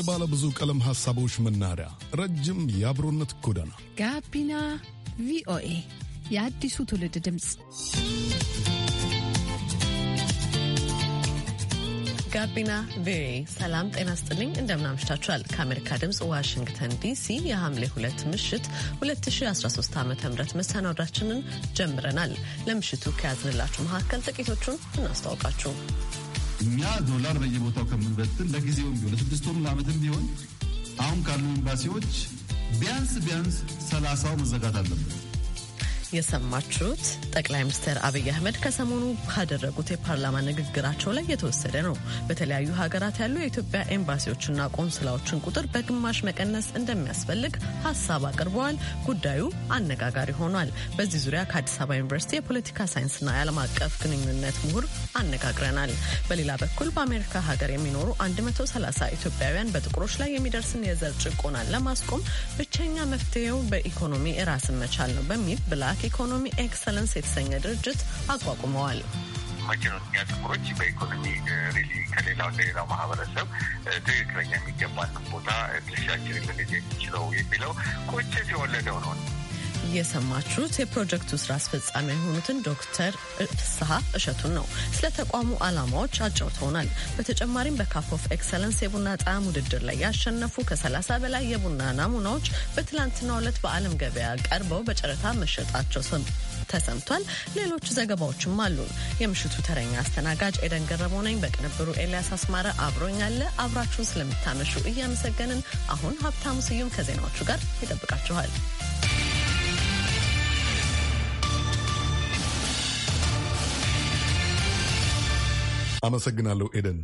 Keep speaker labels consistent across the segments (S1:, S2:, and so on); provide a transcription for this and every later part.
S1: የባለ ብዙ ቀለም ሐሳቦች መናኸሪያ፣ ረጅም የአብሮነት ጎዳና
S2: ጋቢና ቪኦኤ የአዲሱ ትውልድ ድምፅ።
S3: ጋቢና ቪኦኤ ሰላም ጤና ስጥልኝ። እንደምናምሽታችኋል። ከአሜሪካ ድምፅ ዋሽንግተን ዲሲ የሐምሌ ሁለት ምሽት 2013 ዓ ም መሰናዷችንን ጀምረናል። ለምሽቱ ከያዝንላችሁ መካከል ጥቂቶቹን እናስታውቃችሁ።
S4: እኛ ዶላር በየቦታው ከምንበትን ለጊዜውም ቢሆን ለስድስት ወሩም ለዓመትም ቢሆን አሁን ካሉ ኤምባሲዎች ቢያንስ ቢያንስ ሰላሳው መዘጋት አለበት።
S3: የሰማችሁት ጠቅላይ ሚኒስትር አብይ አህመድ ከሰሞኑ ካደረጉት የፓርላማ ንግግራቸው ላይ የተወሰደ ነው። በተለያዩ ሀገራት ያሉ የኢትዮጵያ ኤምባሲዎችና ቆንስላዎችን ቁጥር በግማሽ መቀነስ እንደሚያስፈልግ ሀሳብ አቅርበዋል። ጉዳዩ አነጋጋሪ ሆኗል። በዚህ ዙሪያ ከአዲስ አበባ ዩኒቨርሲቲ የፖለቲካ ሳይንስና የዓለም አቀፍ ግንኙነት ምሁር አነጋግረናል። በሌላ በኩል በአሜሪካ ሀገር የሚኖሩ 130 ኢትዮጵያውያን በጥቁሮች ላይ የሚደርስን የዘር ጭቆናን ለማስቆም ብቸኛ መፍትሄው በኢኮኖሚ ራስን መቻል ነው በሚል ብላክ ኢኮኖሚ ኤክሰለንስ የተሰኘ ድርጅት አቋቁመዋል።
S5: መጀመሪያ ጥቁሮች በኢኮኖሚ ሪሊ ከሌላው እንደሌላው ማህበረሰብ ትክክለኛ የሚገባንን ቦታ ድርሻችን ልንይዝ የሚችለው የሚለው ቁጭት የወለደው ነው።
S3: የሰማችሁት የፕሮጀክቱ ስራ አስፈጻሚ የሆኑትን ዶክተር ፍስሀ እሸቱን ነው። ስለ ተቋሙ ዓላማዎች አጫውተውናል። በተጨማሪም በካፕ ኦፍ ኤክሰለንስ የቡና ጣዕም ውድድር ላይ ያሸነፉ ከ30 በላይ የቡና ናሙናዎች በትላንትናው ዕለት በዓለም ገበያ ቀርበው በጨረታ መሸጣቸው ተሰምቷል። ሌሎች ዘገባዎችም አሉን። የምሽቱ ተረኛ አስተናጋጅ ኤደን ገረመው ነኝ። በቅንብሩ ኤልያስ አስማረ አብሮኛለ። አብራችሁን ስለምታመሹ እያመሰገንን አሁን ሀብታሙ ስዩም ከዜናዎቹ ጋር ይጠብቃችኋል።
S1: አመሰግናለሁ ኤደን።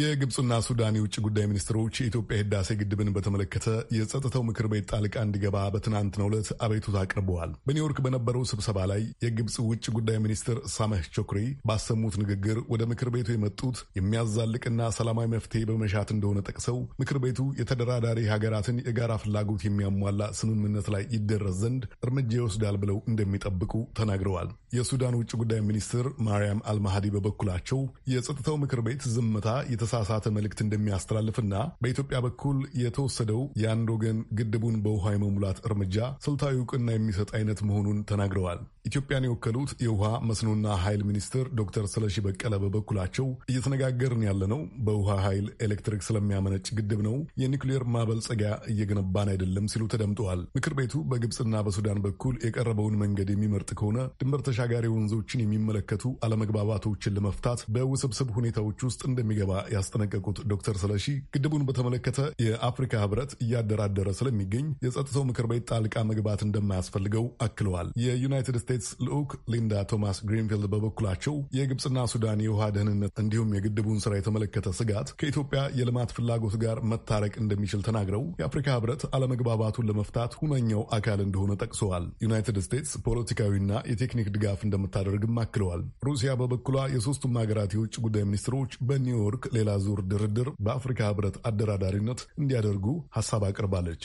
S1: የግብፅና ሱዳን የውጭ ጉዳይ ሚኒስትሮች የኢትዮጵያ ህዳሴ ግድብን በተመለከተ የጸጥታው ምክር ቤት ጣልቃ እንዲገባ በትናንትናው ዕለት አቤቱታ አቅርበዋል። በኒውዮርክ በነበረው ስብሰባ ላይ የግብፅ ውጭ ጉዳይ ሚኒስትር ሳመህ ቾክሪ ባሰሙት ንግግር ወደ ምክር ቤቱ የመጡት የሚያዛልቅና ሰላማዊ መፍትሄ በመሻት እንደሆነ ጠቅሰው ምክር ቤቱ የተደራዳሪ ሀገራትን የጋራ ፍላጎት የሚያሟላ ስምምነት ላይ ይደረስ ዘንድ እርምጃ ይወስዳል ብለው እንደሚጠብቁ ተናግረዋል። የሱዳን ውጭ ጉዳይ ሚኒስትር ማርያም አልማሃዲ በበኩላቸው የጸጥታው ምክር ቤት ዝምታ የተሳሳተ መልእክት እንደሚያስተላልፍና በኢትዮጵያ በኩል የተወሰደው የአንድ ወገን ግድቡን በውሃ የመሙላት እርምጃ ስልታዊ እውቅና የሚሰጥ አይነት መሆኑን ተናግረዋል። ኢትዮጵያን የወከሉት የውሃ መስኖና ኃይል ሚኒስትር ዶክተር ስለሺ በቀለ በበኩላቸው እየተነጋገርን ያለነው በውሃ ኃይል ኤሌክትሪክ ስለሚያመነጭ ግድብ ነው፣ የኒውክሌር ማበልጸጊያ እየገነባን አይደለም ሲሉ ተደምጠዋል። ምክር ቤቱ በግብፅና በሱዳን በኩል የቀረበውን መንገድ የሚመርጥ ከሆነ ድንበር ተሻጋሪ ወንዞችን የሚመለከቱ አለመግባባቶችን ለመፍታት በውስብስብ ሁኔታዎች ውስጥ እንደሚገባ ያስጠነቀቁት ዶክተር ስለሺ ግድቡን በተመለከተ የአፍሪካ ህብረት እያደራደረ ስለሚገኝ የጸጥታው ምክር ቤት ጣልቃ መግባት እንደማያስፈልገው አክለዋል። የዩናይትድ ስቴትስ ልዑክ ሊንዳ ቶማስ ግሪንፊልድ በበኩላቸው የግብፅና ሱዳን የውሃ ደህንነት እንዲሁም የግድቡን ስራ የተመለከተ ስጋት ከኢትዮጵያ የልማት ፍላጎት ጋር መታረቅ እንደሚችል ተናግረው የአፍሪካ ህብረት አለመግባባቱን ለመፍታት ሁነኛው አካል እንደሆነ ጠቅሰዋል። ዩናይትድ ስቴትስ ፖለቲካዊና የቴክኒክ ድጋፍ እንደምታደርግም አክለዋል። ሩሲያ በበኩሏ የሶስቱም ሀገራት የውጭ ጉዳይ ሚኒስትሮች በኒውዮርክ ሌላ ዙር ድርድር በአፍሪካ ህብረት አደራዳሪነት እንዲያደርጉ ሀሳብ አቅርባለች።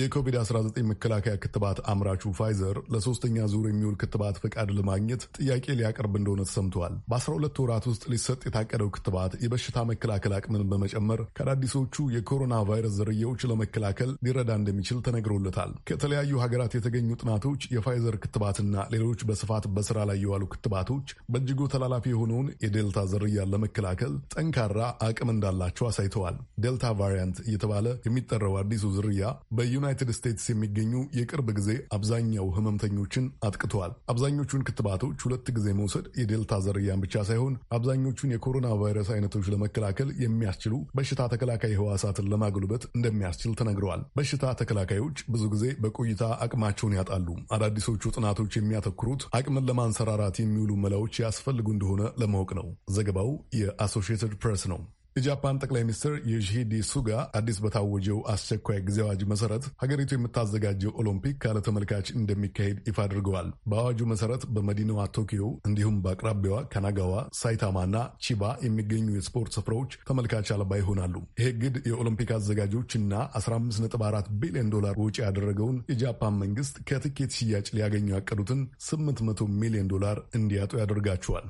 S1: የኮቪድ-19 መከላከያ ክትባት አምራቹ ፋይዘር ለሶስተኛ ዙር የሚውል ክትባት ፈቃድ ለማግኘት ጥያቄ ሊያቀርብ እንደሆነ ተሰምተዋል። በ12 ወራት ውስጥ ሊሰጥ የታቀደው ክትባት የበሽታ መከላከል አቅምን በመጨመር ከአዳዲሶቹ የኮሮና ቫይረስ ዝርያዎች ለመከላከል ሊረዳ እንደሚችል ተነግሮለታል። ከተለያዩ ሀገራት የተገኙ ጥናቶች የፋይዘር ክትባትና ሌሎች በስፋት በስራ ላይ የዋሉ ክትባቶች በእጅጉ ተላላፊ የሆነውን የዴልታ ዝርያን ለመከላከል ጠንካራ አቅም እንዳላቸው አሳይተዋል። ዴልታ ቫሪያንት እየተባለ የሚጠራው አዲሱ ዝርያ በዩና ዩናይትድ ስቴትስ የሚገኙ የቅርብ ጊዜ አብዛኛው ህመምተኞችን አጥቅተዋል። አብዛኞቹን ክትባቶች ሁለት ጊዜ መውሰድ የዴልታ ዝርያን ብቻ ሳይሆን አብዛኞቹን የኮሮና ቫይረስ አይነቶች ለመከላከል የሚያስችሉ በሽታ ተከላካይ ህዋሳትን ለማጉልበት እንደሚያስችል ተነግረዋል። በሽታ ተከላካዮች ብዙ ጊዜ በቆይታ አቅማቸውን ያጣሉ። አዳዲሶቹ ጥናቶች የሚያተኩሩት አቅምን ለማንሰራራት የሚውሉ መላዎች ያስፈልጉ እንደሆነ ለማወቅ ነው። ዘገባው የአሶሺየትድ ፕሬስ ነው። የጃፓን ጠቅላይ ሚኒስትር ዮሺሂዴ ሱጋ አዲስ በታወጀው አስቸኳይ ጊዜ አዋጅ መሰረት ሀገሪቱ የምታዘጋጀው ኦሎምፒክ ካለ ተመልካች እንደሚካሄድ ይፋ አድርገዋል። በአዋጁ መሰረት በመዲናዋ ቶኪዮ እንዲሁም በአቅራቢያዋ ካናጋዋ፣ ሳይታማ እና ቺባ የሚገኙ የስፖርት ስፍራዎች ተመልካች አልባ ይሆናሉ። ይህ ግድ የኦሎምፒክ አዘጋጆች እና 15.4 ቢሊዮን ዶላር ወጪ ያደረገውን የጃፓን መንግስት ከትኬት ሽያጭ ሊያገኙ ያቀዱትን 800 ሚሊዮን ዶላር እንዲያጡ ያደርጋቸዋል።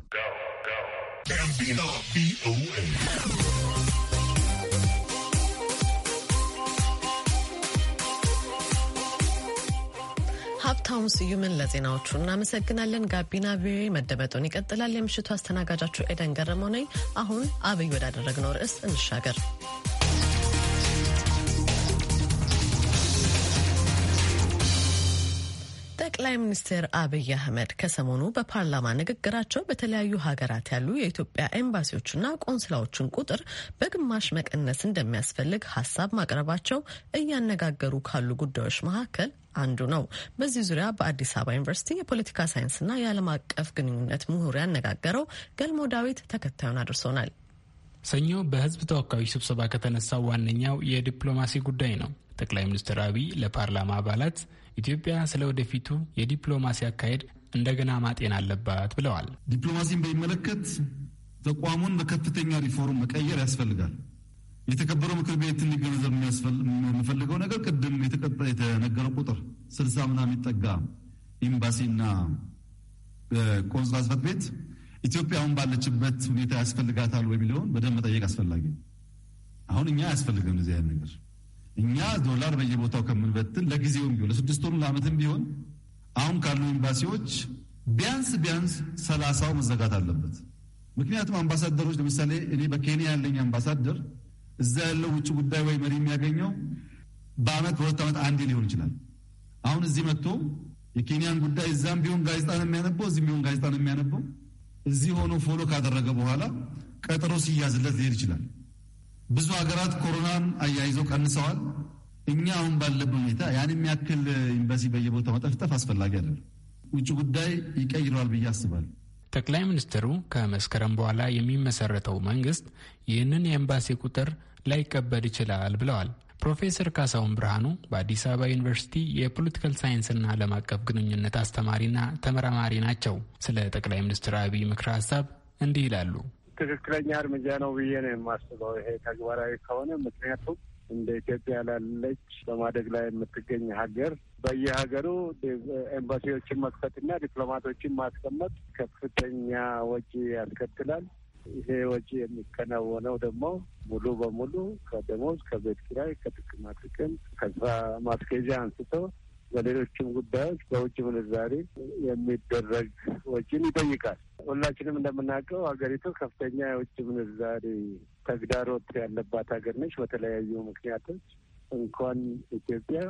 S2: ጋቢና ቪኦኤ
S3: ሀብታሙ ስዩምን ለዜናዎቹ እናመሰግናለን። ጋቢና ቪኦኤ መደመጡን ይቀጥላል። የምሽቱ አስተናጋጃችሁ ኤደን ገረመው ነኝ። አሁን አብይ ወዳደረግነው ርዕስ እንሻገር። ጠቅላይ ሚኒስትር አብይ አህመድ ከሰሞኑ በፓርላማ ንግግራቸው በተለያዩ ሀገራት ያሉ የኢትዮጵያ ኤምባሲዎችና ቆንስላዎችን ቁጥር በግማሽ መቀነስ እንደሚያስፈልግ ሀሳብ ማቅረባቸው እያነጋገሩ ካሉ ጉዳዮች መካከል አንዱ ነው። በዚህ ዙሪያ በአዲስ አበባ ዩኒቨርሲቲ የፖለቲካ ሳይንስና የዓለም አቀፍ ግንኙነት ምሁር ያነጋገረው
S6: ገልሞ ዳዊት ተከታዩን አድርሶናል። ሰኞ በህዝብ ተወካዮች ስብሰባ ከተነሳው ዋነኛው የዲፕሎማሲ ጉዳይ ነው። ጠቅላይ ሚኒስትር አብይ ለፓርላማ አባላት ኢትዮጵያ ስለ ወደፊቱ የዲፕሎማሲ አካሄድ እንደገና ማጤን አለባት ብለዋል።
S4: ዲፕሎማሲን በሚመለከት ተቋሙን በከፍተኛ ሪፎርም መቀየር ያስፈልጋል። የተከበረው ምክር ቤት እንዲገነዘብ የምፈልገው ነገር ቅድም የተነገረው ቁጥር ስልሳ ምናምን የሚጠጋ ኤምባሲና ቆንስላ ጽሕፈት ቤት ኢትዮጵያ አሁን ባለችበት ሁኔታ ያስፈልጋታል ወይ የሚለውን በደንብ መጠየቅ አስፈላጊ። አሁን እኛ አያስፈልግም እንደዚህ አይነት ነገር እኛ ዶላር በየቦታው ከምንበትን ለጊዜውም ቢሆን ለስድስት ወሩ ለዓመትም ቢሆን አሁን ካሉ ኤምባሲዎች ቢያንስ ቢያንስ ሰላሳው መዘጋት አለበት። ምክንያቱም አምባሳደሮች ለምሳሌ እኔ በኬንያ ያለኝ አምባሳደር እዛ ያለው ውጭ ጉዳይ ወይ መሪ የሚያገኘው በአመት በሁለት ዓመት አንዴ ሊሆን ይችላል። አሁን እዚህ መጥቶ የኬንያን ጉዳይ እዛም ቢሆን ጋዜጣ ነው የሚያነበው፣ እዚህም ቢሆን ጋዜጣ ነው የሚያነበው። እዚህ ሆኖ ፎሎ ካደረገ በኋላ ቀጠሮ ሲያዝለት ሊሄድ ይችላል። ብዙ ሀገራት ኮሮናን አያይዘው ቀንሰዋል። እኛ አሁን ባለብን ሁኔታ ያን የሚያክል ኤምባሲ በየቦታው
S6: መጠፍጠፍ አስፈላጊ አይደለም። ውጭ ጉዳይ ይቀይረዋል ብዬ አስባል። ጠቅላይ ሚኒስትሩ ከመስከረም በኋላ የሚመሰረተው መንግስት ይህንን የኤምባሲ ቁጥር ላይቀበል ይችላል ብለዋል። ፕሮፌሰር ካሳሁን ብርሃኑ በአዲስ አበባ ዩኒቨርሲቲ የፖለቲካል ሳይንስና ዓለም አቀፍ ግንኙነት አስተማሪና ተመራማሪ ናቸው። ስለ ጠቅላይ ሚኒስትር አብይ ምክረ ሀሳብ እንዲህ ይላሉ።
S7: ትክክለኛ እርምጃ ነው ብዬ ነው የማስበው ይሄ ተግባራዊ ከሆነ ምክንያቱም እንደ ኢትዮጵያ ላለች በማደግ ላይ የምትገኝ ሀገር በየሀገሩ ኤምባሲዎችን መክፈትና ዲፕሎማቶችን ማስቀመጥ ከፍተኛ ወጪ ያስከትላል። ይሄ ወጪ የሚከናወነው ደግሞ ሙሉ በሙሉ ከደሞዝ፣ ከቤት ኪራይ፣ ከጥቅማ ጥቅም ከስራ ማስኬጃ አንስቶ በሌሎችም ጉዳዮች በውጭ ምንዛሬ የሚደረግ ወጪን ይጠይቃል። ሁላችንም እንደምናውቀው ሀገሪቱ ከፍተኛ የውጭ ምንዛሬ ተግዳሮት ያለባት ሀገር ነች። በተለያዩ ምክንያቶች እንኳን ኢትዮጵያ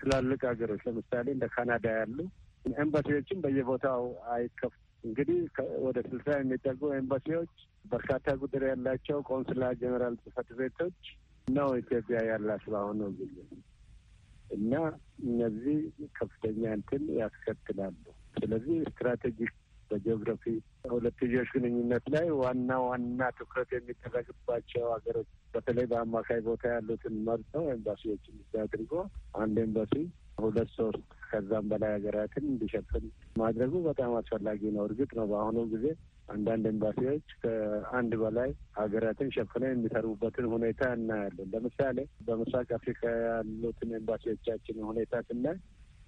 S7: ትላልቅ ሀገሮች ለምሳሌ እንደ ካናዳ ያሉ ኤምባሲዎችም በየቦታው አይከፍ እንግዲህ ወደ ስልሳ የሚጠጉ ኤምባሲዎች፣ በርካታ ጉዳይ ያላቸው ቆንስላ ጀኔራል ጽሕፈት ቤቶች ነው ኢትዮጵያ ያላት በአሁኑ ጊዜ። እና እነዚህ ከፍተኛ እንትን ያስከትላሉ። ስለዚህ ስትራቴጂክ በጂኦግራፊ ሁለትዮሽ ግንኙነት ላይ ዋና ዋና ትኩረት የሚደረግባቸው ሀገሮች በተለይ በአማካይ ቦታ ያሉትን መርጠው ኤምባሲዎችን አድርጎ አንድ ኤምባሲ ሁለት ሶስት ከዛም በላይ ሀገራትን እንዲሸፍን ማድረጉ በጣም አስፈላጊ ነው። እርግጥ ነው በአሁኑ ጊዜ አንዳንድ ኤምባሲዎች ከአንድ በላይ ሀገራትን ሸፍነው የሚሰሩበትን ሁኔታ እናያለን። ለምሳሌ በምስራቅ አፍሪካ ያሉትን ኤምባሲዎቻችን ሁኔታ ስናይ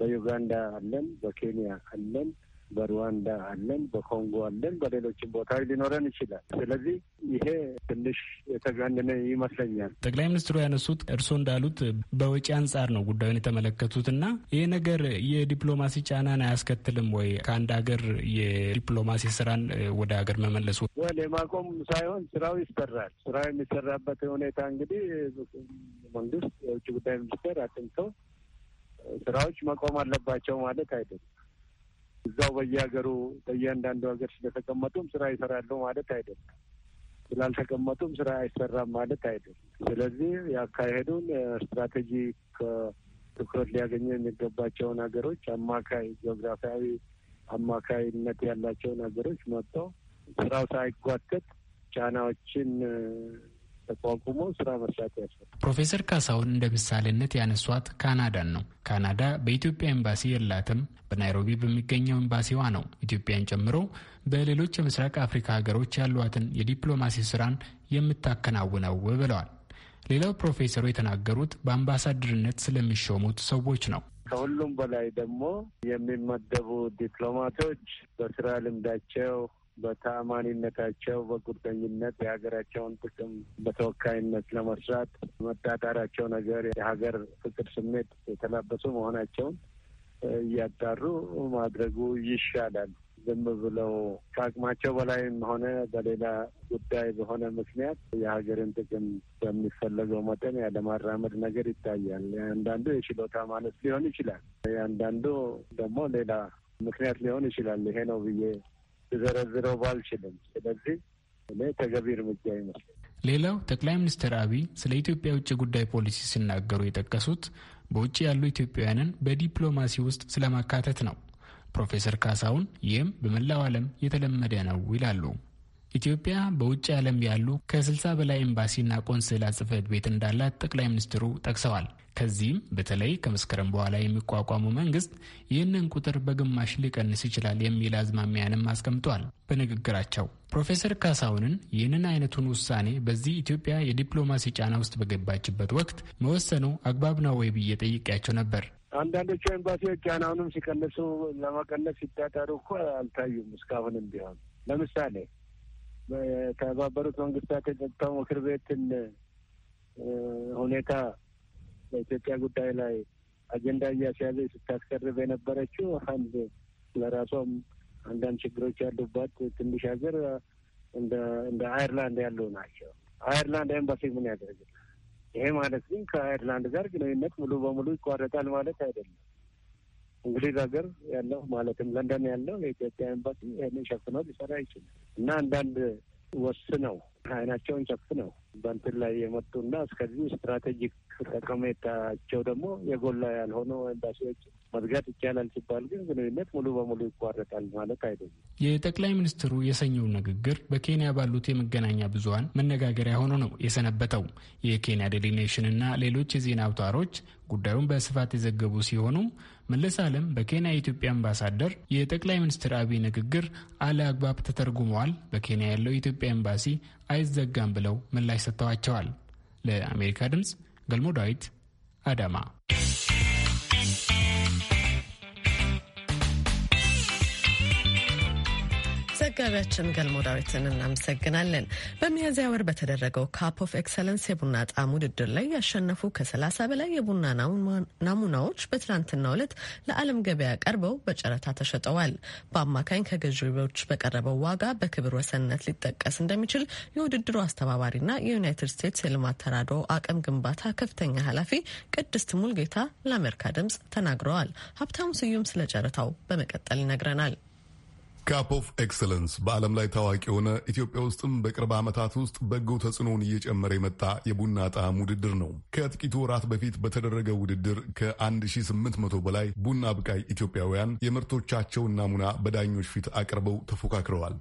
S7: በዩጋንዳ አለን፣ በኬንያ አለን፣ በሩዋንዳ አለን፣ በኮንጎ አለን፣ በሌሎችም ቦታዎች ሊኖረን ይችላል። ስለዚህ ይሄ ትንሽ የተጋነነ ይመስለኛል።
S6: ጠቅላይ ሚኒስትሩ ያነሱት እርስዎ እንዳሉት በወጪ አንጻር ነው ጉዳዩን የተመለከቱት እና ይህ ነገር የዲፕሎማሲ ጫናን አያስከትልም ወይ? ከአንድ ሀገር የዲፕሎማሲ ስራን ወደ ሀገር መመለሱ
S7: ወይ የማቆም ሳይሆን ስራው ይሰራል። ስራው የሚሰራበት ሁኔታ እንግዲህ መንግስት የውጭ ጉዳይ ሚኒስቴር አጥንቶ ስራዎች መቆም አለባቸው ማለት አይደለም። እዛው በየሀገሩ በእያንዳንዱ ሀገር ስለተቀመጡም ስራ ይሰራሉ ማለት አይደለም። ስላልተቀመጡም ስራ አይሰራም ማለት አይደለም። ስለዚህ የአካሄዱን ስትራቴጂ ትኩረት ሊያገኙ የሚገባቸውን ሀገሮች አማካይ ጂኦግራፊያዊ አማካይነት ያላቸውን ሀገሮች መጥተው ስራው ሳይጓተት ጫናዎችን ተቋቁሞ ስራ መስራት ያስፈልጋል።
S6: ፕሮፌሰር ካሳሁን እንደ ምሳሌነት ያነሷት ካናዳን ነው። ካናዳ በኢትዮጵያ ኤምባሲ የላትም። በናይሮቢ በሚገኘው ኤምባሲዋ ነው ኢትዮጵያን ጨምሮ በሌሎች የምስራቅ አፍሪካ ሀገሮች ያሏትን የዲፕሎማሲ ስራን የምታከናውነው ብለዋል። ሌላው ፕሮፌሰሩ የተናገሩት በአምባሳደርነት ስለሚሾሙት ሰዎች ነው።
S7: ከሁሉም በላይ ደግሞ የሚመደቡ ዲፕሎማቶች በስራ ልምዳቸው በታማኒነታቸው በቁርጠኝነት የሀገራቸውን ጥቅም በተወካይነት ለመስራት መጣጣራቸው ነገር የሀገር ፍቅር ስሜት የተላበሱ መሆናቸውን እያጣሩ ማድረጉ ይሻላል። ዝም ብለው ከአቅማቸው በላይም ሆነ በሌላ ጉዳይ በሆነ ምክንያት የሀገርን ጥቅም በሚፈለገው መጠን ያለማራመድ ነገር ይታያል። የአንዳንዱ የችሎታ ማነስ ሊሆን ይችላል። የአንዳንዱ ደግሞ ሌላ ምክንያት ሊሆን ይችላል። ይሄ ነው ብዬ ልዘረዝረው ባልችልም። ስለዚህ እኔ ተገቢ እርምጃ ይመስል
S6: ሌላው ጠቅላይ ሚኒስትር አብይ ስለ ኢትዮጵያ የውጭ ጉዳይ ፖሊሲ ሲናገሩ የጠቀሱት በውጭ ያሉ ኢትዮጵያውያንን በዲፕሎማሲ ውስጥ ስለማካተት ነው። ፕሮፌሰር ካሳሁን ይህም በመላው ዓለም የተለመደ ነው ይላሉ። ኢትዮጵያ በውጭ ዓለም ያሉ ከ60 በላይ ኤምባሲና ቆንስላ ጽህፈት ቤት እንዳላት ጠቅላይ ሚኒስትሩ ጠቅሰዋል። ከዚህም በተለይ ከመስከረም በኋላ የሚቋቋሙ መንግስት ይህንን ቁጥር በግማሽ ሊቀንስ ይችላል የሚል አዝማሚያንም አስቀምጧል። በንግግራቸው ፕሮፌሰር ካሳሁንን ይህንን አይነቱን ውሳኔ በዚህ ኢትዮጵያ የዲፕሎማሲ ጫና ውስጥ በገባችበት ወቅት መወሰኑ አግባብ ነው ወይ ብዬ ጠይቄያቸው ነበር።
S7: አንዳንዶቹ ኤምባሲዎች ጫናውንም ሲቀንሱ ለመቀነስ ሲታጠሩ እኮ አልታዩም። እስካሁንም ቢሆን ለምሳሌ የተባበሩት መንግስታት የጸጥታው ምክር ቤትን ሁኔታ በኢትዮጵያ ጉዳይ ላይ አጀንዳ እያስያዘ ስታስቀርብ የነበረችው አንድ ለራሷም አንዳንድ ችግሮች ያሉባት ትንሽ ሀገር እንደ አይርላንድ ያለው ናቸው። አይርላንድ ኤምባሲ ምን ያደርግ? ይሄ ማለት ግን ከአይርላንድ ጋር ግንኙነት ሙሉ በሙሉ ይቋረጣል ማለት አይደለም። እንግሊዝ ሀገር ያለው ማለትም ለንደን ያለው የኢትዮጵያ ኤምባሲ ይህንን ሸፍኖ ሊሰራ ይችላል እና አንዳንድ ወስነው አይናቸውን ጨፍነው በንትን ላይ የመጡና እስከዚህ ስትራቴጂክ ጠቀሜታቸው ደግሞ የጎላ ያልሆነው ኤምባሲዎች መዝጋት ይቻላል ሲባል ግን ግንኙነት ሙሉ በሙሉ ይቋረጣል ማለት አይደለም።
S6: የጠቅላይ ሚኒስትሩ የሰኞው ንግግር በኬንያ ባሉት የመገናኛ ብዙኃን መነጋገሪያ ሆኖ ነው የሰነበተው። የኬንያ ዴሊ ኔሽን እና ሌሎች የዜና አውታሮች ጉዳዩን በስፋት የዘገቡ ሲሆኑ መለስ አለም በኬንያ የኢትዮጵያ አምባሳደር የጠቅላይ ሚኒስትር አብይ ንግግር አለ አግባብ ተተርጉመዋል፣ በኬንያ ያለው የኢትዮጵያ ኤምባሲ አይዘጋም ብለው ምላሽ ሰጥተዋቸዋል። ለአሜሪካ ድምፅ ገልሞ ዳዊት አዳማ ዘጋቢያችን ገልሞ
S3: ዳዊትን እናመሰግናለን። በሚያዝያ ወር በተደረገው ካፕ ኦፍ ኤክሰለንስ የቡና ጣዕም ውድድር ላይ ያሸነፉ ከ30 በላይ የቡና ናሙናዎች በትናንትናው ዕለት ለዓለም ገበያ ቀርበው በጨረታ ተሸጠዋል። በአማካኝ ከገዢዎች በቀረበው ዋጋ በክብር ወሰንነት ሊጠቀስ እንደሚችል የውድድሩ አስተባባሪና የዩናይትድ ስቴትስ የልማት ተራድኦ አቅም ግንባታ ከፍተኛ ኃላፊ ቅድስት ሙልጌታ ለአሜሪካ ድምጽ ተናግረዋል። ሀብታሙ ስዩም ስለ ጨረታው በመቀጠል
S1: ይነግረናል። ካፕ ኦፍ ኤክሰለንስ በዓለም ላይ ታዋቂ የሆነ ኢትዮጵያ ውስጥም በቅርብ ዓመታት ውስጥ በጎ ተጽዕኖውን እየጨመረ የመጣ የቡና ጣዕም ውድድር ነው። ከጥቂቱ ወራት በፊት በተደረገ ውድድር ከ1800 በላይ ቡና አብቃይ ኢትዮጵያውያን የምርቶቻቸውን ናሙና በዳኞች ፊት አቅርበው ተፎካክረዋል።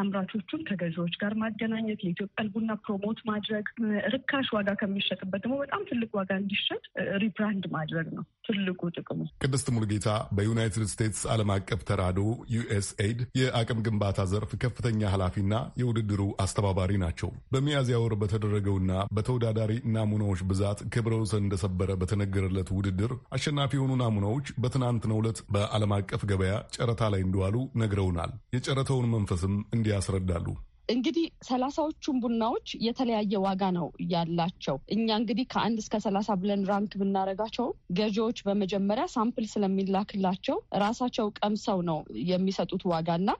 S8: አምራቾቹን ከገዢዎች ጋር ማገናኘት፣ የኢትዮጵያን ቡና ፕሮሞት ማድረግ፣ ርካሽ ዋጋ ከሚሸጥበት ደግሞ በጣም ትልቅ ዋጋ እንዲሸጥ ሪብራንድ ማድረግ ነው ትልቁ ጥቅሙ።
S1: ቅድስት ሙልጌታ በዩናይትድ ስቴትስ ዓለም አቀፍ ተራድኦ ዩኤስኤድ የአቅም ግንባታ ዘርፍ ከፍተኛ ኃላፊና የውድድሩ አስተባባሪ ናቸው። በሚያዝያ ወር በተደረገውና በተወዳዳሪ ናሙናዎች ብዛት ክብረ ወሰን እንደሰበረ በተነገረለት ውድድር አሸናፊ የሆኑ ናሙናዎች በትናንትናው ዕለት በዓለም አቀፍ ገበያ ጨረታ ላይ እንደዋሉ ነግረውናል። የጨረታውን መንፈስም እንዲህ ያስረዳሉ።
S8: እንግዲህ ሰላሳዎቹን ቡናዎች የተለያየ ዋጋ ነው ያላቸው። እኛ እንግዲህ ከአንድ እስከ ሰላሳ ብለን ራንክ ብናደርጋቸው ገዢዎች በመጀመሪያ ሳምፕል ስለሚላክላቸው ራሳቸው ቀምሰው ነው የሚሰጡት ዋጋ እና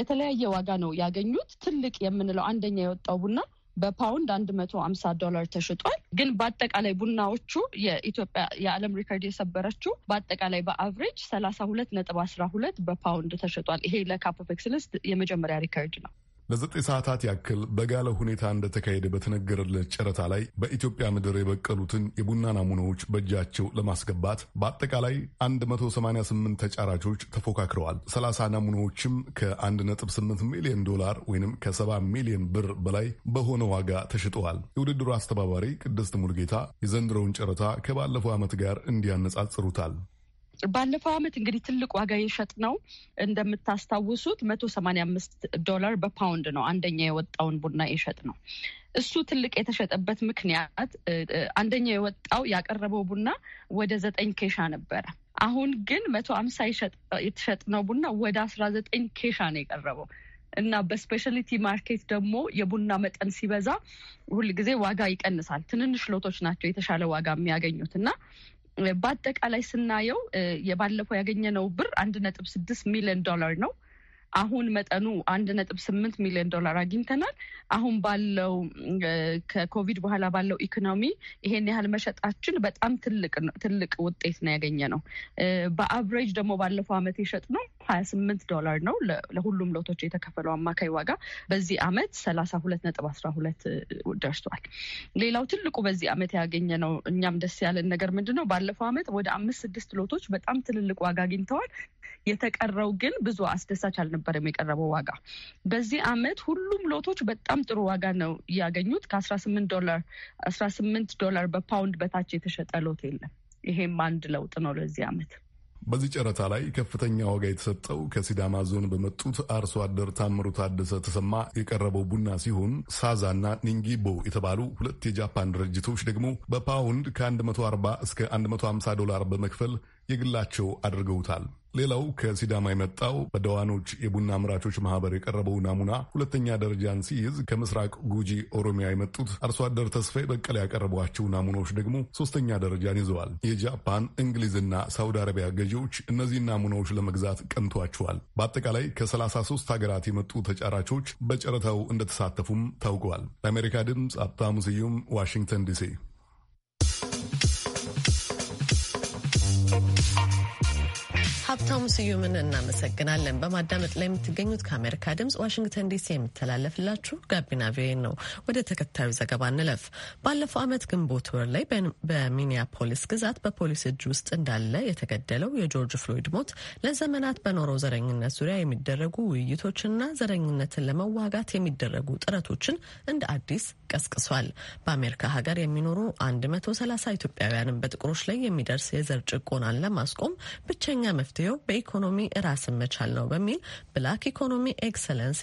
S8: የተለያየ ዋጋ ነው ያገኙት። ትልቅ የምንለው አንደኛ የወጣው ቡና በፓውንድ አንድ መቶ አምሳ ዶላር ተሽጧል። ግን በአጠቃላይ ቡናዎቹ የኢትዮጵያ የዓለም ሪከርድ የሰበረችው በአጠቃላይ በአቨሬጅ ሰላሳ ሁለት ነጥብ አስራ ሁለት በፓውንድ ተሽጧል። ይሄ ለካፕ ኦፍ ኤክሰለንስ የመጀመሪያ ሪከርድ ነው።
S1: ለዘጠኝ ሰዓታት ያክል በጋለ ሁኔታ እንደተካሄደ በተነገረለት ጨረታ ላይ በኢትዮጵያ ምድር የበቀሉትን የቡና ናሙናዎች በእጃቸው ለማስገባት በአጠቃላይ 188 ተጫራቾች ተፎካክረዋል። 30 ናሙናዎችም ከ1.8 ሚሊዮን ዶላር ወይም ከ70 ሚሊዮን ብር በላይ በሆነ ዋጋ ተሽጠዋል። የውድድሩ አስተባባሪ ቅድስት ሙልጌታ የዘንድሮውን ጨረታ ከባለፈው ዓመት ጋር እንዲያነጻጽሩታል።
S8: ባለፈው አመት እንግዲህ ትልቅ ዋጋ የሸጥ ነው እንደምታስታውሱት መቶ ሰማኒያ አምስት ዶላር በፓውንድ ነው አንደኛ የወጣውን ቡና የሸጥ ነው። እሱ ትልቅ የተሸጠበት ምክንያት አንደኛ የወጣው ያቀረበው ቡና ወደ ዘጠኝ ኬሻ ነበረ። አሁን ግን መቶ አምሳ ነው ቡና ወደ አስራ ዘጠኝ ኬሻ ነው የቀረበው እና በስፔሻሊቲ ማርኬት ደግሞ የቡና መጠን ሲበዛ ሁልጊዜ ዋጋ ይቀንሳል። ትንንሽ ሎቶች ናቸው የተሻለ ዋጋ የሚያገኙት እና በአጠቃላይ ስናየው የባለፈው ያገኘነው ብር አንድ ነጥብ ስድስት ሚሊዮን ዶላር ነው። አሁን መጠኑ አንድ ነጥብ ስምንት ሚሊዮን ዶላር አግኝተናል። አሁን ባለው ከኮቪድ በኋላ ባለው ኢኮኖሚ ይሄን ያህል መሸጣችን በጣም ትልቅ ውጤት ነው ያገኘ ነው። በአብሬጅ ደግሞ ባለፈው ዓመት የሸጥ ነው ሀያ ስምንት ዶላር ነው ለሁሉም ሎቶች የተከፈለው አማካይ ዋጋ። በዚህ አመት ሰላሳ ሁለት ነጥብ አስራ ሁለት ደርሷል። ሌላው ትልቁ በዚህ አመት ያገኘ ነው እኛም ደስ ያለን ነገር ምንድን ነው ባለፈው ዓመት ወደ አምስት ስድስት ሎቶች በጣም ትልልቅ ዋጋ አግኝተዋል። የተቀረው ግን ብዙ አስደሳች አልነበረም የቀረበው ዋጋ። በዚህ አመት ሁሉም ሎቶች በጣም ጥሩ ዋጋ ነው ያገኙት። ከአስራ ስምንት ዶላር አስራ ስምንት ዶላር በፓውንድ በታች የተሸጠ ሎት የለም። ይሄም አንድ ለውጥ ነው ለዚህ አመት።
S1: በዚህ ጨረታ ላይ ከፍተኛ ዋጋ የተሰጠው ከሲዳማ ዞን በመጡት አርሶ አደር ታምሩ ታደሰ ተሰማ የቀረበው ቡና ሲሆን ሳዛ እና ኒንጊቦ የተባሉ ሁለት የጃፓን ድርጅቶች ደግሞ በፓውንድ ከ140 እስከ 150 ዶላር በመክፈል የግላቸው አድርገውታል። ሌላው ከሲዳማ የመጣው በደዋኖች የቡና አምራቾች ማህበር የቀረበው ናሙና ሁለተኛ ደረጃን ሲይዝ ከምስራቅ ጉጂ ኦሮሚያ የመጡት አርሶ አደር ተስፋዬ በቀለ ያቀረቧቸው ናሙናዎች ደግሞ ሶስተኛ ደረጃን ይዘዋል። የጃፓን እንግሊዝና ሳውዲ አረቢያ ገዢዎች እነዚህን ናሙናዎች ለመግዛት ቀንቷቸዋል። በአጠቃላይ ከ33 ሀገራት የመጡ ተጫራቾች በጨረታው እንደተሳተፉም ታውቀዋል። ለአሜሪካ ድምፅ ሀብታሙ ስዩም ዋሽንግተን ዲሲ
S3: ሀብታሙ ስዩምን እናመሰግናለን። በማዳመጥ ላይ የምትገኙት ከአሜሪካ ድምጽ ዋሽንግተን ዲሲ የሚተላለፍላችሁ ጋቢና ቪኦኤ ነው። ወደ ተከታዩ ዘገባ እንለፍ። ባለፈው ዓመት ግንቦት ወር ላይ በሚኒያፖሊስ ግዛት በፖሊስ እጅ ውስጥ እንዳለ የተገደለው የጆርጅ ፍሎይድ ሞት ለዘመናት በኖረው ዘረኝነት ዙሪያ የሚደረጉ ውይይቶችና ዘረኝነትን ለመዋጋት የሚደረጉ ጥረቶችን እንደ አዲስ ቀስቅሷል። በአሜሪካ ሀገር የሚኖሩ 130 ኢትዮጵያውያንን በጥቁሮች ላይ የሚደርስ የዘር ጭቆናን ለማስቆም ብቸኛ መፍትሄው በኢኮኖሚ ራስን መቻል ነው በሚል ብላክ ኢኮኖሚ ኤክሰለንስ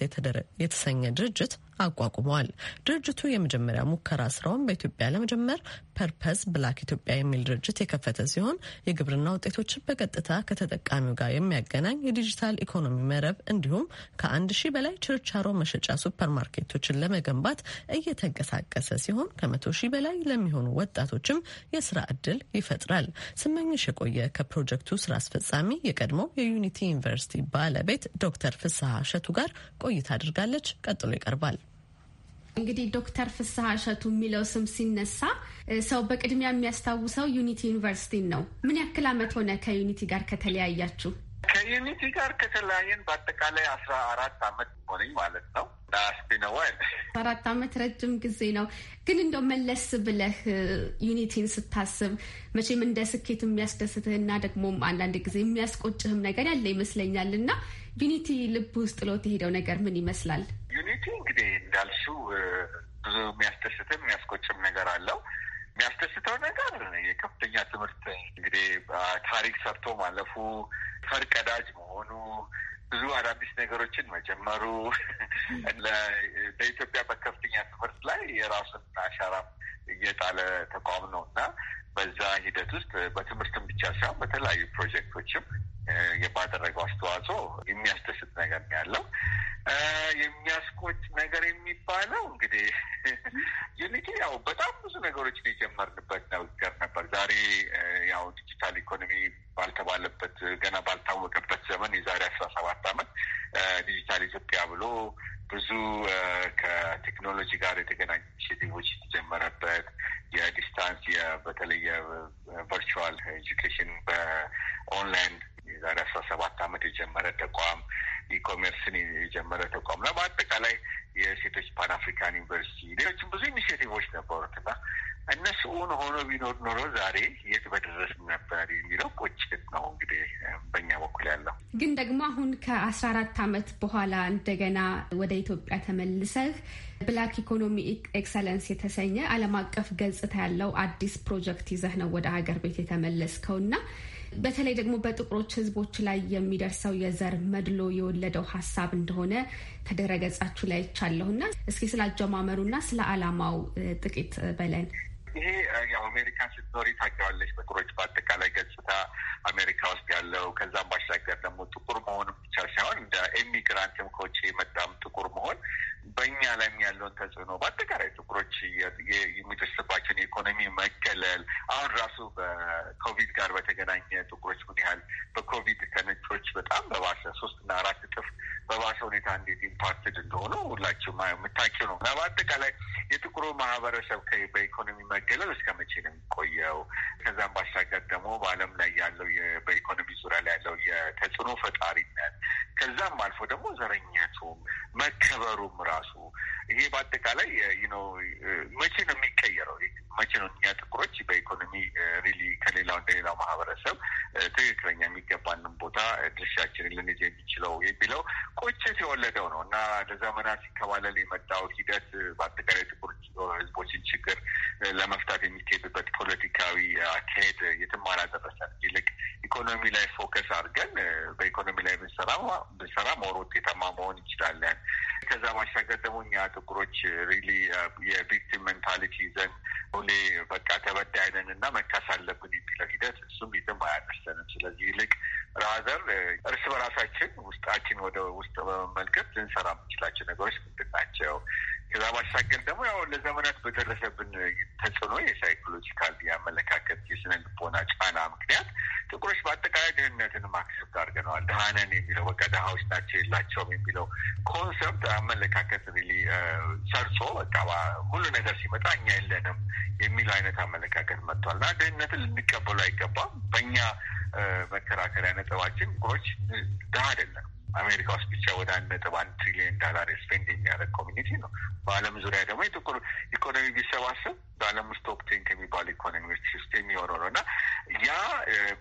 S3: የተሰኘ ድርጅት አቋቁመዋል። ድርጅቱ የመጀመሪያ ሙከራ ስራውን በኢትዮጵያ ለመጀመር ፐርፐስ ብላክ ኢትዮጵያ የሚል ድርጅት የከፈተ ሲሆን የግብርና ውጤቶችን በቀጥታ ከተጠቃሚው ጋር የሚያገናኝ የዲጂታል ኢኮኖሚ መረብ እንዲሁም ከአንድ ሺህ በላይ ችርቻሮ መሸጫ ሱፐር ማርኬቶችን ለመገንባት እየተንቀሳቀሰ ሲሆን ከመቶ ሺህ በላይ ለሚሆኑ ወጣቶችም የስራ እድል ይፈጥራል። ስመኝሽ የቆየ ከፕሮጀክቱ ስራ አስፈጻሚ የቀድሞው የዩኒቲ ዩኒቨርሲቲ ባለቤት ዶክተር ፍስሐ እሸቱ ጋር ቆይታ አድርጋለች። ቀጥሎ ይቀርባል።
S2: እንግዲህ ዶክተር ፍስሐ እሸቱ የሚለው ስም ሲነሳ ሰው በቅድሚያ የሚያስታውሰው ዩኒቲ ዩኒቨርሲቲን ነው። ምን ያክል ዓመት ሆነ ከዩኒቲ ጋር ከተለያያችሁ?
S5: ከዩኒቲ ጋር ከተለያየን በአጠቃላይ አስራ አራት አመት ሆነኝ ማለት ነው።
S2: አራት አመት ረጅም ጊዜ ነው። ግን እንደው መለስ ብለህ ዩኒቲን ስታስብ መቼም እንደ ስኬት የሚያስደስትህና ደግሞ አንዳንድ ጊዜ የሚያስቆጭህም ነገር ያለ ይመስለኛል እና ዩኒቲ ልብ ውስጥ ሎት የሄደው ነገር ምን ይመስላል?
S5: ዩኒቲ እንግዲህ እንዳልሽው ብዙ የሚያስደስትም የሚያስቆጭም ነገር አለው። የሚያስደስተው ነገር የከፍተኛ ትምህርት እንግዲህ ታሪክ ሰርቶ ማለፉ፣ ፈርቀዳጅ መሆኑ፣ ብዙ አዳዲስ ነገሮችን መጀመሩ በኢትዮጵያ በከፍተኛ ትምህርት ላይ የራሱን አሻራ እየጣለ ተቋም ነው እና በዛ ሂደት ውስጥ በትምህርትም ብቻ ሳይሆን በተለያዩ ፕሮጀክቶችም የባደረገው አስተዋጽኦ የሚያስደስት ነገር ያለው የሚያስቆጭ ነገር የሚባለው እንግዲህ ዩኒቲ ያው በጣም ነገሮችን የጀመርንበት ነገር ነበር። ዛሬ
S2: ከአራት ዓመት በኋላ እንደገና ወደ ኢትዮጵያ ተመልሰህ ብላክ ኢኮኖሚ ኤክሰለንስ የተሰኘ ዓለም አቀፍ ገጽታ ያለው አዲስ ፕሮጀክት ይዘህ ነው ወደ ሀገር ቤት የተመለስከው እና በተለይ ደግሞ በጥቁሮች ሕዝቦች ላይ የሚደርሰው የዘር መድሎ የወለደው ሀሳብ እንደሆነ ከደረገጻችሁ ላይ ይቻለሁና እስኪ ስለ አጀማመሩና ስለ ዓላማው ጥቂት በለን።
S5: ይሄ ያው አሜሪካን ስትኖሪ ታውቂዋለሽ። ነገሮች በአጠቃላይ ገጽታ አሜሪካ ውስጥ ያለው ከዛም ባሻገር ደግሞ ጥቁር መሆንም ብቻ ሳይሆን እንደ ኤሚግራንትም ከውጭ የመጣም ጥቁር መሆን በእኛ ላይም ያለውን ተጽዕኖ በአጠቃላይ ጥቁሮች የሚደርስባቸውን የኢኮኖሚ መገለል አሁን ራሱ በኮቪድ ጋር በተገናኘ ጥቁሮች ምን ያህል በኮቪድ ከነጮች በጣም በባሰ ሶስት እና አራት እጥፍ በባሰ ሁኔታ እንዴት ኢምፓክትድ እንደሆኑ ሁላችሁም የምታውቂው ነው እና በአጠቃላይ የጥቁሩ ማህበረሰብ በኢኮኖሚ መገለል እስከ መቼ ነው የሚቆየው? ከዛም ባሻገር ደግሞ በዓለም ላይ ያለው በኢኮኖሚ ዙሪያ ላይ ያለው የተጽዕኖ ፈጣሪነት ከዛም አልፎ ደግሞ ዘረኛቱም መከበሩም ራ ራሱ ይሄ በአጠቃላይ ነው። መቼ ነው የሚቀየረው? መቼ ነው እኛ ጥቁሮች በኢኮኖሚ ሪሊ ከሌላው እንደሌላው ማህበረሰብ ትክክለኛ የሚገባንን ቦታ ድርሻችንን ልንይዝ የሚችለው የሚለው ቁጭት የወለደው ነው እና ለዘመናት ሲከባለል የመጣው ሂደት በአጠቃላይ ጥቁር ህዝቦችን ችግር ለመፍታት የሚካሄድበት ፖለቲካዊ አካሄድ የትም አላደረሰን። ይልቅ ኢኮኖሚ ላይ ፎከስ አድርገን በኢኮኖሚ ላይ ብንሰራ ብንሰራ መወር ውጤታማ መሆን እንችላለን። ከዛ ባሻገር ደግሞ እኛ ጥቁሮች ሪሊ የቪክቲም ሜንታሊቲ ይዘን ሁሌ በቃ ተበዳይ እና መካስ አለብን የሚለው ሂደት እሱም ይዘም አያደርሰንም። ስለዚህ ይልቅ ራዘር uh, እርስ በራሳችን ውስጣችን ወደ ውስጥ በመመልከት ልንሰራ የምንችላቸው ነገሮች ምንድን ናቸው? ከዛ ባሻገር ደግሞ ያው ለዘመናት በደረሰብን ተጽዕኖ የሳይኮሎጂካል የአመለካከት የስነ ልቦና ጫና ምክንያት ጥቁሮች በአጠቃላይ ድህነትን ማክሰብት አድርገነዋል። ድሃነን የሚለው በቃ ድሃዎች ናቸው የላቸውም የሚለው ኮንሰፕት አመለካከት ሪሊ ሰርጾ በቃ ሁሉ ነገር ሲመጣ እኛ የለንም የሚለው አይነት አመለካከት መጥቷል እና ድህነትን ልንቀበሉ አይገባም። በእኛ መከራከሪያ ነጥባችን ጥቁሮች ድሃ አይደለም አሜሪካ ውስጥ ብቻ ወደ አንድ ነጥብ አንድ ትሪሊየን ዳላር ስፔንድ የሚያደርግ ኮሚኒቲ ነው። በዓለም ዙሪያ ደግሞ የጥቁር ኢኮኖሚ ቢሰባሰብ በዓለም ውስጥ ቶፕ ቴን ከሚባሉ ኢኮኖሚዎች ውስጥ የሚሆነው ነው እና ያ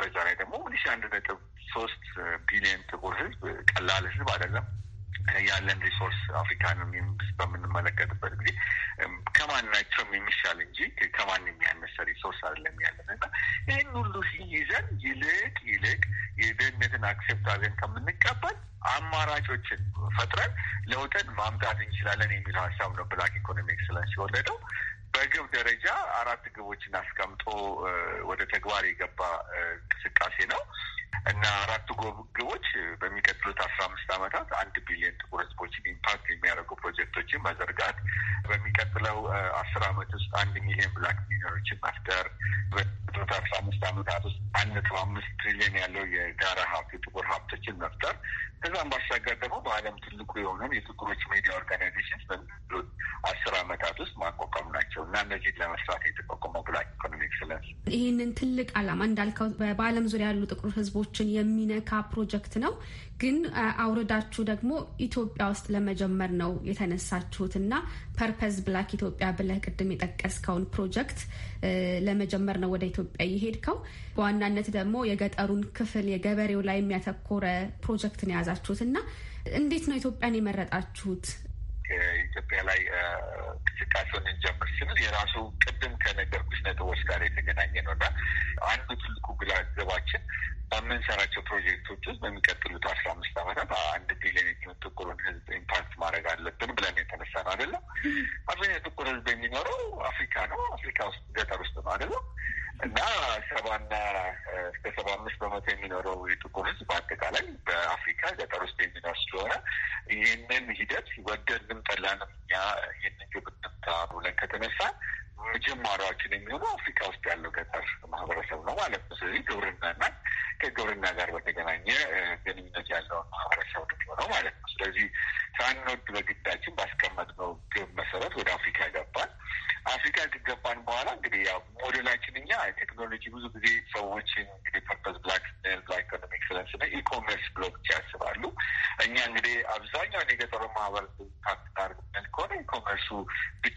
S5: በዛ ላይ ደግሞ አንድ ነጥብ ሶስት ቢሊዮን ጥቁር ህዝብ ቀላል ህዝብ አይደለም። ያለን ሪሶርስ አፍሪካንም በምንመለከትበት ጊዜ ከማናቸውም የሚሻል እንጂ ከማን የሚያነሰ ሪሶርስ አይደለም ያለን እና ይህን ሁሉ ይዘን ይልቅ ይልቅ የድህነትን አክሴፕት አድርገን ከምንቀበል አማራጮችን ፈጥረን ለውጥን ማምጣት እንችላለን የሚለው ሀሳብ ነው ብላክ ኢኮኖሚክስ ላይ ሲወለደው። በግብ ደረጃ አራት ግቦችን አስቀምጦ ወደ ተግባር የገባ እንቅስቃሴ ነው እና
S2: ትልቅ ዓላማ እንዳልከው በዓለም ዙሪያ ያሉ ጥቁር ህዝቦችን የሚነካ ፕሮጀክት ነው። ግን አውርዳችሁ ደግሞ ኢትዮጵያ ውስጥ ለመጀመር ነው የተነሳችሁት እና ፐርፐዝ ብላክ ኢትዮጵያ ብለህ ቅድም የጠቀስከውን ፕሮጀክት ለመጀመር ነው ወደ ኢትዮጵያ የሄድከው። በዋናነት ደግሞ የገጠሩን ክፍል የገበሬው ላይ የሚያተኮረ ፕሮጀክት ነው የያዛችሁት እና እንዴት ነው ኢትዮጵያን የመረጣችሁት? ኢትዮጵያ ላይ እንቅስቃሴውን እንጀምር ስንል የራሱ ቅድም
S5: ከነገርኩሽ ነጥቦች ጋር የተገናኘ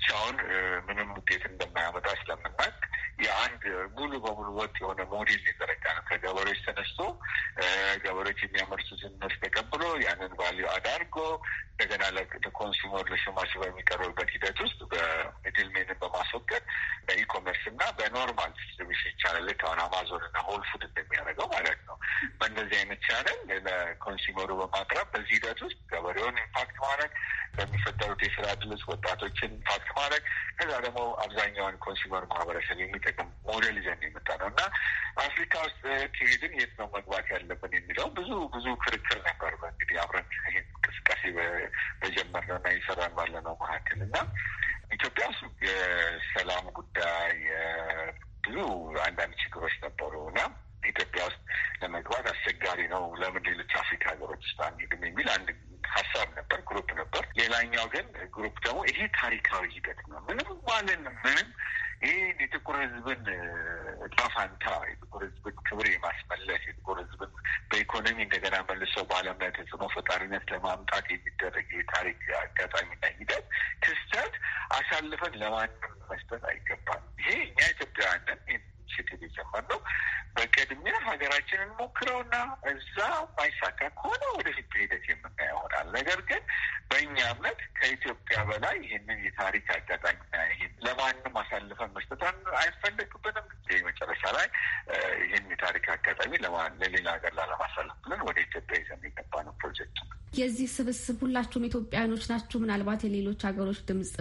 S5: ብቻውን ምንም ውጤት እንደማያመጣ ስለምናውቅ የአንድ ሙሉ በሙሉ ወጥ የሆነ ሞዴል የተረዳ ነው። ከገበሬዎች ተነስቶ ገበሬዎች የሚያመርቱትን ምርት ተቀብሎ ያንን ቫሊዩ አዳርጎ እንደገና ለኮንሱመር ለሸማች በሚቀርብበት ሂደት ውስጥ በሚድልሜንን በማስወገድ በኢኮመርስ እና በኖርማል ዲስትሪቢሽን ይቻላል። ልክ አሁን አማዞን እና ሆል ፉድ እንደሚያደርገው ማለት ነው። በእነዚህ አይነት ቻለን ለኮንሱመሩ በማቅረብ በዚህ ሂደት ውስጥ ገበሬውን ኢምፓክት ማድረግ በሚፈጠሩት የስራ ድልስ ወጣቶችን ኢምፓክት ማድረግ ከዛ ደግሞ አብዛኛውን ኮንሱመር ማህበረሰብ የሚጠ ጥቅም ሞዴል ይዘን የመጣ ነው እና አፍሪካ ውስጥ ከሄድን የት ነው መግባት ያለብን የሚለው ብዙ ብዙ ክርክር ነበር። በእንግዲህ አብረን ይህን እንቅስቃሴ በጀመርነው
S9: እና እየሰራን ባለነው መካከል እና ኢትዮጵያ ውስጥ የሰላም ጉዳይ
S5: ብዙ አንዳንድ ችግሮች ነበሩ እና ኢትዮጵያ ውስጥ ለመግባት አስቸጋሪ ነው፣ ለምን ሌሎች አፍሪካ ሀገሮች ውስጥ አንሄድም የሚል አንድ ሀሳብ ነበር፣ ግሩፕ ነበር። ሌላኛው ግን ግሩፕ ደግሞ ይሄ ታሪካዊ ሂደት ነው ምንም ማለን ምንም ይህን የጥቁር ህዝብን ዕጣ የጥቁር ህዝብን ክብር የማስመለስ የጥቁር ህዝብን በኢኮኖሚ እንደገና መልሶ በዓለም ላይ ተጽዕኖ ፈጣሪነት ለማምጣት የሚደረግ የታሪክ አጋጣሚና ሂደት ክስተት አሳልፈን ለማንም መስጠት አይገባል። ይሄ እኛ ኢትዮጵያውያንን ኢኒሽቲቭ የጀመርነው በቅድሚያ ሀገራችንን ሞክረውና እዛ ማይሳካ ከሆነ ወደፊት ሂደት የምናየው ይሆናል። ነገር ግን በእኛ እምነት ከኢትዮጵያ በላይ ይህንን የታሪክ አጋጣሚ ይህን ለማንም አሳልፈን መስጠት አይፈለግብንም። መጨረሻ ላይ ይህን የታሪክ አጋጣሚ ለሌላ ሀገር ላለማሳለፍ ብለን ወደ ኢትዮጵያ ይዘን
S2: የገባ ነው ፕሮጀክቱ። የዚህ ስብስብ ሁላችሁም ኢትዮጵያውያኖች ናችሁ? ምናልባት የሌሎች ሀገሮች ድምጽ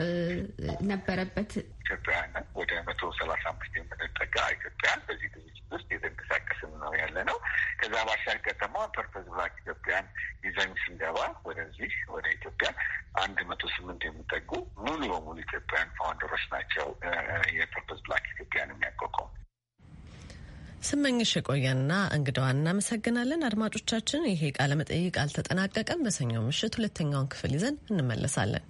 S2: ነበረበት? ኢትዮጵያውያን
S5: ወደ መቶ ሰላሳ አምስት የምንጠጋ ኢትዮጵያውያን በዚህ ድርጅት ውስጥ የተንቀሳቀስን ነው ያለ ነው። ከዛ ባሻገር ደግሞ ፐርፐዝ ብላክ ኢትዮጵያን ይዘን ስንገባ ወደዚህ ወደ ኢትዮጵያ ኢትዮጵያ አንድ መቶ ስምንት የሚጠጉ ሙሉ በሙሉ ኢትዮጵያውያን ፋውንደሮች ናቸው የፐርፐዝ ብላክ ኢትዮጵያን የሚያቋቋሙ።
S3: ስመኝሽ የቆየንና እንግዳዋን እናመሰግናለን። አድማጮቻችን፣ ይሄ ቃለመጠይቅ አልተጠናቀቀም። በሰኞ ምሽት ሁለተኛውን ክፍል ይዘን እንመለሳለን።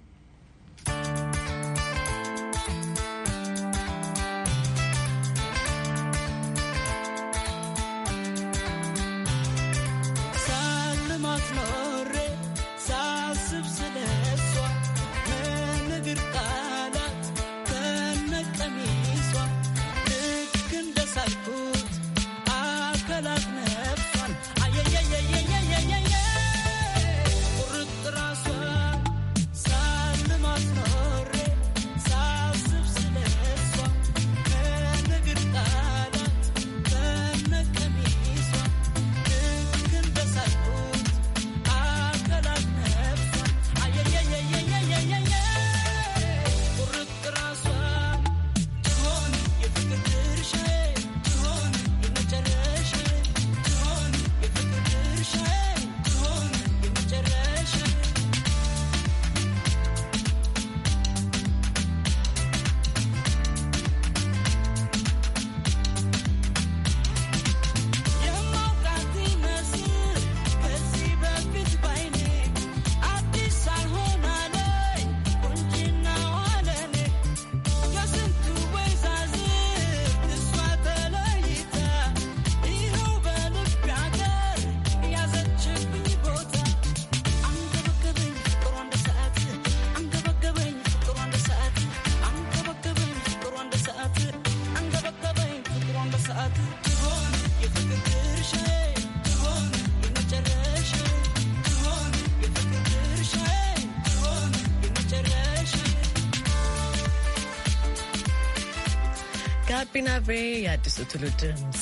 S3: ጋቢና ቬ የአዲሱ ትውልድ ድምፅ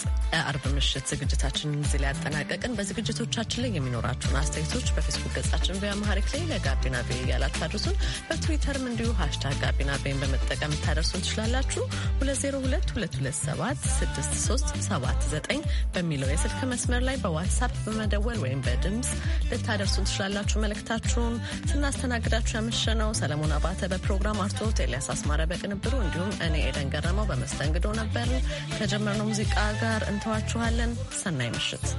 S3: አርብ ምሽት ዝግጅታችን እዚህ ላይ ያጠናቀቅን። በዝግጅቶቻችን ላይ የሚኖራችሁን አስተያየቶች በፌስቡክ ገጻችን በአማሃሪክ ላይ ለጋቢና ቬ እያላችሁ አድርሱን። በትዊተርም እንዲሁ ሀሽታግ ጋቢና ቬን በመጠቀም ልታደርሱን ትችላላችሁ። 2022276379 በሚለው የስልክ መስመር ላይ በዋትሳፕ በመደወል ወይም በድምፅ ልታደርሱን ትችላላችሁ መልእክታችሁን። ስናስተናግዳችሁ ያመሸነው ሰለሞን አባተ በፕሮግራም አርቶት፣ ኤልያስ አስማረ በቅንብሩ እንዲሁም እኔ ኤደን ገረመው በመስተንግዶ ነው። ነበር። ከጀመርነው ሙዚቃ ጋር እንተዋችኋለን። ሰናይ ምሽት።